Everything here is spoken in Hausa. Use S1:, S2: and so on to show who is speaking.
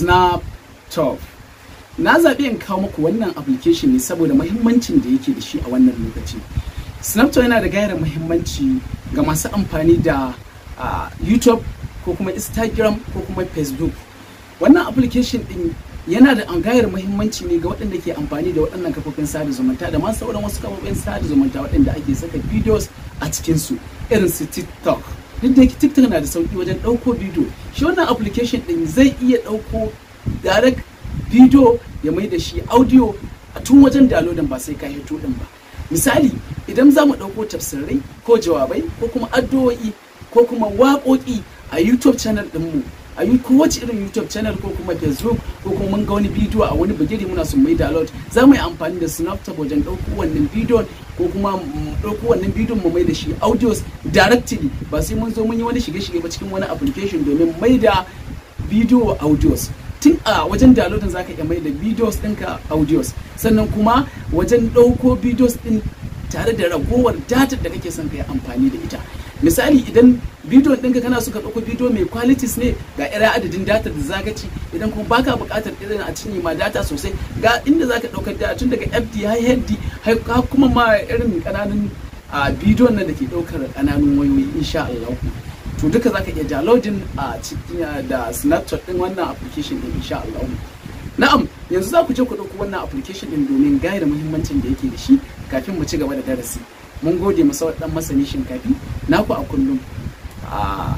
S1: snap top na zaɓi in kawo muku wannan application ne saboda mahimmancin da yake da shi a wannan lokaci snapchat yana da gayar muhimmanci ga masu amfani da youtube ko kuma instagram ko kuma facebook wannan application din yana da gayar muhimmanci ne ga waɗanda ke amfani da waɗannan kafofin sada zumunta da masu sauran wasu kafofin sada zumunta waɗanda ake saka videos a cikinsu irin su tiktok duk da tiktok na da sauki wajen ɗauko bidiyo shi wannan application ɗin zai iya ɗauko direct bidiyo ya mai da shi audio a tun wajen downloadin ba sai ka hito ɗin ba misali idan za mu ɗauko tafsirai ko jawabai ko kuma addu'o'i ko kuma waƙoƙi a youtube channel ɗinmu a yi wace irin youtube channel ko kuma facebook ko kuma mun ga wani bidiyo a wani bugiri muna sun mai download za mu yi amfani da snapchat wajen ɗauko wannan bidiyon ko kuma ɗauko wannan bidiyon mu mai da shi audios directly ba sai mun zo mun yi wani shige-shige ba cikin wani application domin mai da bidiyo audios tun a wajen downloading zaka iya mai da videos ɗinka audios sannan kuma wajen ɗauko videos din tare da ragowar data da kake son ka yi amfani da ita misali idan bidiyon dinka kana so ka ɗauko bidiyo mai qualities ne ga ira adadin data da zaka idan kuma baka buƙatar irin a cinye ma data sosai ga inda zaka ɗaukar data tun daga FD har HD har kuma ma irin ƙananun a bidiyon nan da ke ɗaukar ƙananun wayoyi insha Allah to duka zaka iya downloading a cikin da Snapchat ɗin wannan application ɗin insha Allah na'am yanzu za ku je ku ɗauko wannan application ɗin domin gaya da muhimmancin da yake da shi kafin mu ci gaba da darasi mun gode mu dan masani shinkafi naku a kullum ah.